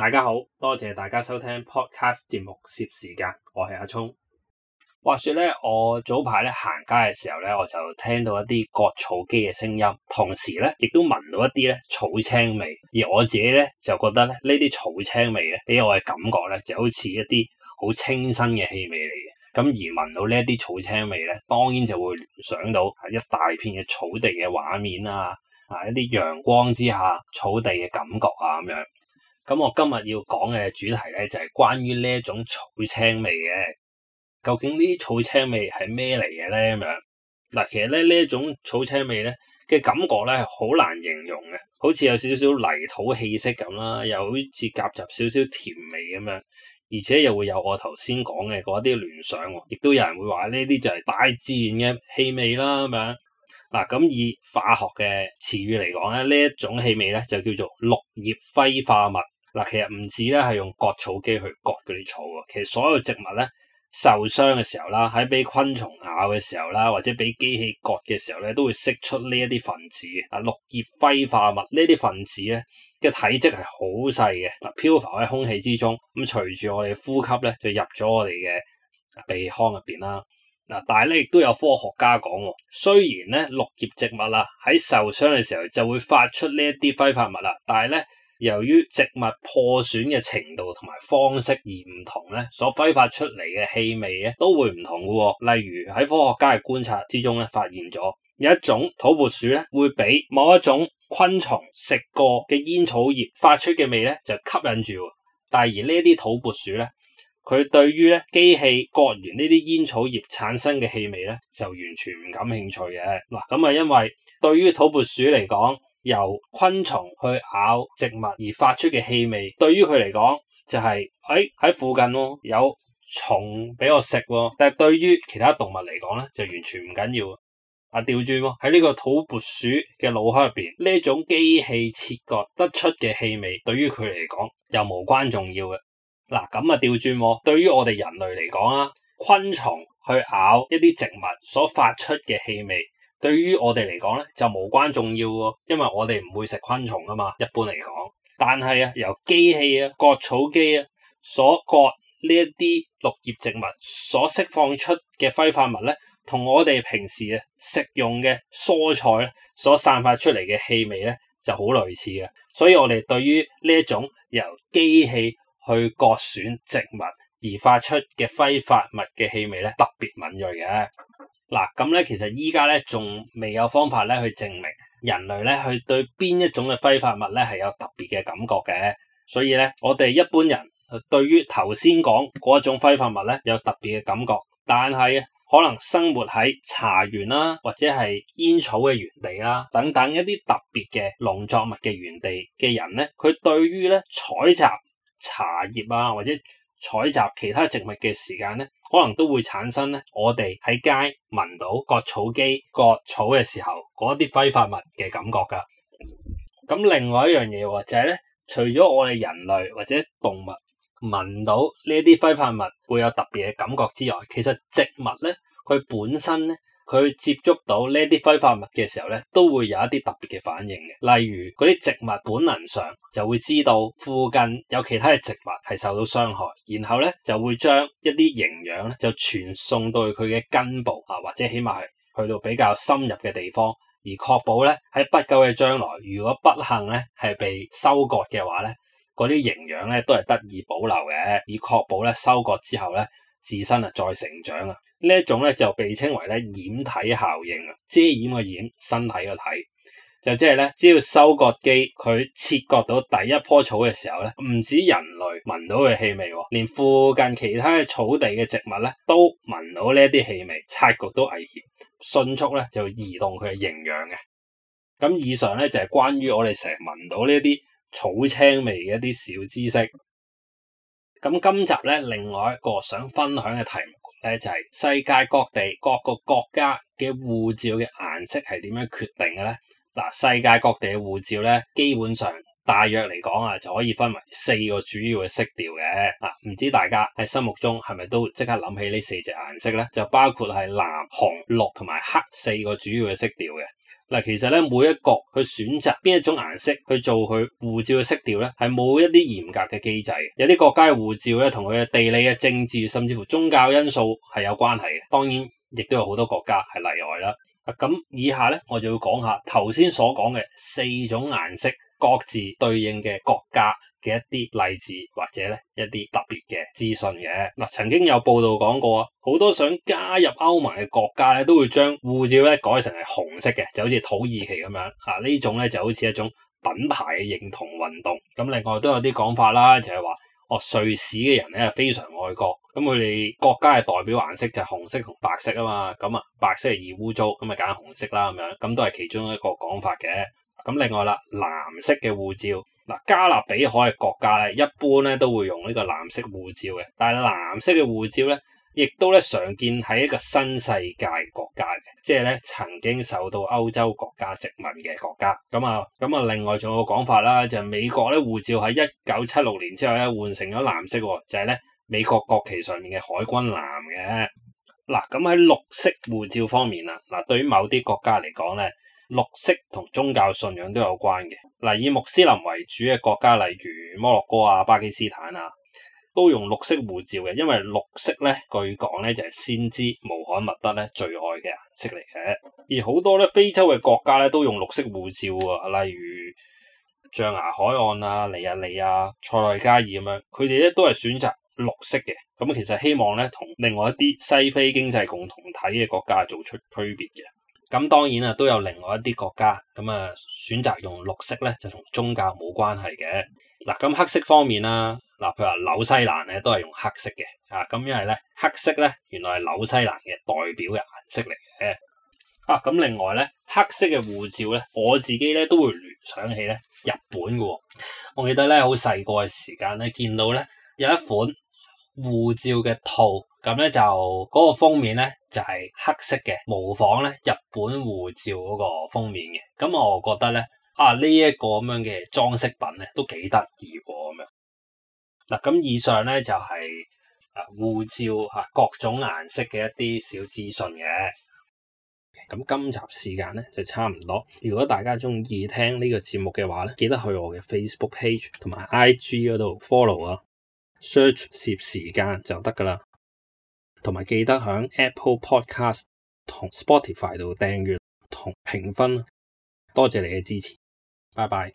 大家好，多謝大家收聽 Podcast 節目攝時間，我係阿聰。話說咧，我早排咧行街嘅時候咧，我就聽到一啲割草機嘅聲音，同時咧亦都聞到一啲咧草青味。而我自己咧就覺得咧呢啲草青味咧，俾我嘅感覺咧就好似一啲好清新嘅氣味嚟嘅。咁而聞到呢一啲草青味咧，當然就會聯想到一大片嘅草地嘅畫面啊，啊一啲陽光之下草地嘅感覺啊咁樣。咁我今日要講嘅主題咧，就係關於呢一種草青味嘅，究竟呢啲草青味係咩嚟嘅咧？咁樣嗱，其實咧呢一種草青味咧嘅感覺咧係好難形容嘅，好似有少少泥土氣息咁啦，又好似夾雜少少甜味咁樣，而且又會有我頭先講嘅嗰啲聯想，亦都有人會話呢啲就係大自然嘅氣味啦，咁樣嗱，咁以化學嘅詞語嚟講咧，呢一種氣味咧就叫做綠葉揮發物。嗱，其實唔止咧，係用割草機去割嗰啲草喎。其實所有植物咧受傷嘅時候啦，喺俾昆蟲咬嘅時候啦，或者俾機器割嘅時候咧，都會釋出呢一啲分子啊，綠葉揮發物呢啲分子咧嘅體積係好細嘅。嗱，漂浮喺空氣之中，咁隨住我哋呼吸咧，就入咗我哋嘅鼻腔入邊啦。嗱，但係咧，亦都有科學家講喎，雖然咧綠葉植物啊喺受傷嘅時候就會發出呢一啲揮發物啦，但係咧。由於植物破損嘅程度同埋方式而唔同咧，所揮發出嚟嘅氣味咧都會唔同嘅喎。例如喺科學家嘅觀察之中咧，發現咗有一種土撥鼠咧，會俾某一種昆蟲食過嘅煙草葉發出嘅味咧，就吸引住。但係而呢啲土撥鼠咧，佢對於咧機器割完呢啲煙草葉產生嘅氣味咧，就完全唔感興趣嘅。嗱咁啊，因為對於土撥鼠嚟講，由昆蟲去咬植物而發出嘅氣味，對於佢嚟講就係喺喺附近、哦、有蟲俾我食喎、哦。但係對於其他動物嚟講咧，就完全唔緊要，緊要啊。調轉喎，喺呢個土撥鼠嘅腦海入邊，呢種機器切割得出嘅氣味，對於佢嚟講又無關重要嘅。嗱咁啊，調轉喎，對於我哋人類嚟講啊，昆蟲去咬一啲植物所發出嘅氣味。對於我哋嚟講咧，就無關重要喎，因為我哋唔會食昆蟲噶嘛，一般嚟講。但係啊，由機器啊、割草機啊所割呢一啲綠葉植物所釋放出嘅揮發物咧，同我哋平時啊食用嘅蔬菜、啊、所散發出嚟嘅氣味咧就好類似嘅。所以我哋對於呢一種由機器去割損植物而發出嘅揮發物嘅氣味咧，特別敏銳嘅。嗱，咁咧，其實依家咧仲未有方法咧去證明人類咧去對邊一種嘅揮發物咧係有特別嘅感覺嘅，所以咧我哋一般人對於頭先講嗰一種揮發物咧有特別嘅感覺，但係可能生活喺茶園啦，或者係煙草嘅原地啦，等等一啲特別嘅農作物嘅原地嘅人咧，佢對於咧採集茶葉啊或者。採集其他植物嘅時間咧，可能都會產生咧，我哋喺街聞到割草機割草嘅時候嗰啲揮發物嘅感覺噶。咁另外一樣嘢就係咧，除咗我哋人類或者動物聞到呢啲揮發物會有特別嘅感覺之外，其實植物咧佢本身咧。佢接觸到呢啲揮發物嘅時候咧，都會有一啲特別嘅反應嘅。例如嗰啲植物本能上就會知道附近有其他嘅植物係受到傷害，然後咧就會將一啲營養咧就傳送到佢嘅根部啊，或者起碼係去到比較深入嘅地方，而確保咧喺不久嘅將來，如果不幸咧係被收割嘅話咧，嗰啲營養咧都係得以保留嘅，而確保咧收割之後咧。自身啊，再成長啊，呢一種咧就被稱為咧掩體效應啊，遮掩嘅掩，身體嘅體，就即係咧，只要收割機佢切割到第一棵草嘅時候咧，唔止人類聞到佢嘅氣味，連附近其他嘅草地嘅植物咧都聞到呢一啲氣味，察覺到危險，迅速咧就移動佢嘅營養嘅。咁以上咧就係關於我哋成日聞到呢啲草青味嘅一啲小知識。咁今集咧，另外一個想分享嘅題目咧，就係世界各地各個國家嘅護照嘅顏色係點樣決定嘅咧？嗱，世界各地嘅護照咧，基本上大約嚟講啊，就可以分為四個主要嘅色調嘅。啊，唔知大家喺心目中係咪都即刻諗起呢四隻顏色咧？就包括係藍、紅、綠同埋黑四個主要嘅色調嘅。嗱，其實咧，每一國去選擇邊一種顏色去做佢護照嘅色調咧，係冇一啲嚴格嘅機制。有啲國家嘅護照咧，同佢嘅地理、嘅政治甚至乎宗教因素係有關係嘅。當然，亦都有好多國家係例外啦。咁以下咧，我就要講下頭先所講嘅四種顏色，各自對應嘅國家嘅一啲例子，或者咧一啲特別嘅資訊嘅。嗱，曾經有報道講過啊，好多想加入歐盟嘅國家咧都會將護照咧改成係紅色嘅，就好似土耳其咁樣啊，種呢種咧就好似一種品牌嘅認同運動。咁另外都有啲講法啦，就係話哦，瑞士嘅人咧係非常愛國，咁佢哋國家嘅代表顏色就係紅色同白色啊嘛，咁啊白色係易污糟，咁啊揀紅色啦咁樣，咁都係其中一個講法嘅。咁另外啦，藍色嘅護照。嗱，加勒比海嘅國家咧，一般咧都會用呢個藍色護照嘅，但係藍色嘅護照咧，亦都咧常見喺一個新世界國家嘅，即係咧曾經受到歐洲國家殖民嘅國家。咁啊，咁啊，另外仲有個講法啦，就係美國咧護照喺一九七六年之後咧換成咗藍色，就係咧美國國旗上面嘅海軍藍嘅。嗱，咁喺綠色護照方面啊，嗱，對於某啲國家嚟講咧。綠色同宗教信仰都有關嘅，嗱，以穆斯林為主嘅國家，例如摩洛哥啊、巴基斯坦啊，都用綠色護照嘅，因為綠色咧，據講咧就係先知穆罕默德咧最愛嘅顏色嚟嘅。而好多咧非洲嘅國家咧都用綠色護照喎，例如象牙海岸啊、尼日利亞、塞內加爾咁樣，佢哋咧都係選擇綠色嘅。咁其實希望咧同另外一啲西非經濟共同體嘅國家做出區別嘅。咁當然啊，都有另外一啲國家咁啊、嗯，選擇用綠色咧，就同宗教冇關係嘅。嗱、啊，咁黑色方面啦、啊，譬如話紐西蘭咧都係用黑色嘅啊，咁因為咧黑色咧原來係紐西蘭嘅代表嘅顏色嚟嘅。啊，咁另外咧黑色嘅護照咧，我自己咧都會聯想起咧日本嘅。我記得咧好細個嘅時間咧，見到咧有一款護照嘅套。咁咧就嗰個封面咧就係、是、黑色嘅，模仿咧日本護照嗰個封面嘅。咁我覺得咧啊呢一、這個咁樣嘅裝飾品咧都幾得意喎咁樣。嗱咁以上咧就係、是、啊護照吓、啊、各種顏色嘅一啲小資訊嘅。咁今集時間咧就差唔多。如果大家中意聽呢個節目嘅話咧，記得去我嘅 Facebook page 同埋 IG 度 follow 啊，search 攝時間就得噶啦。同埋記得喺 Apple Podcast 同 Spotify 度訂閱同評分，多謝你嘅支持，拜拜。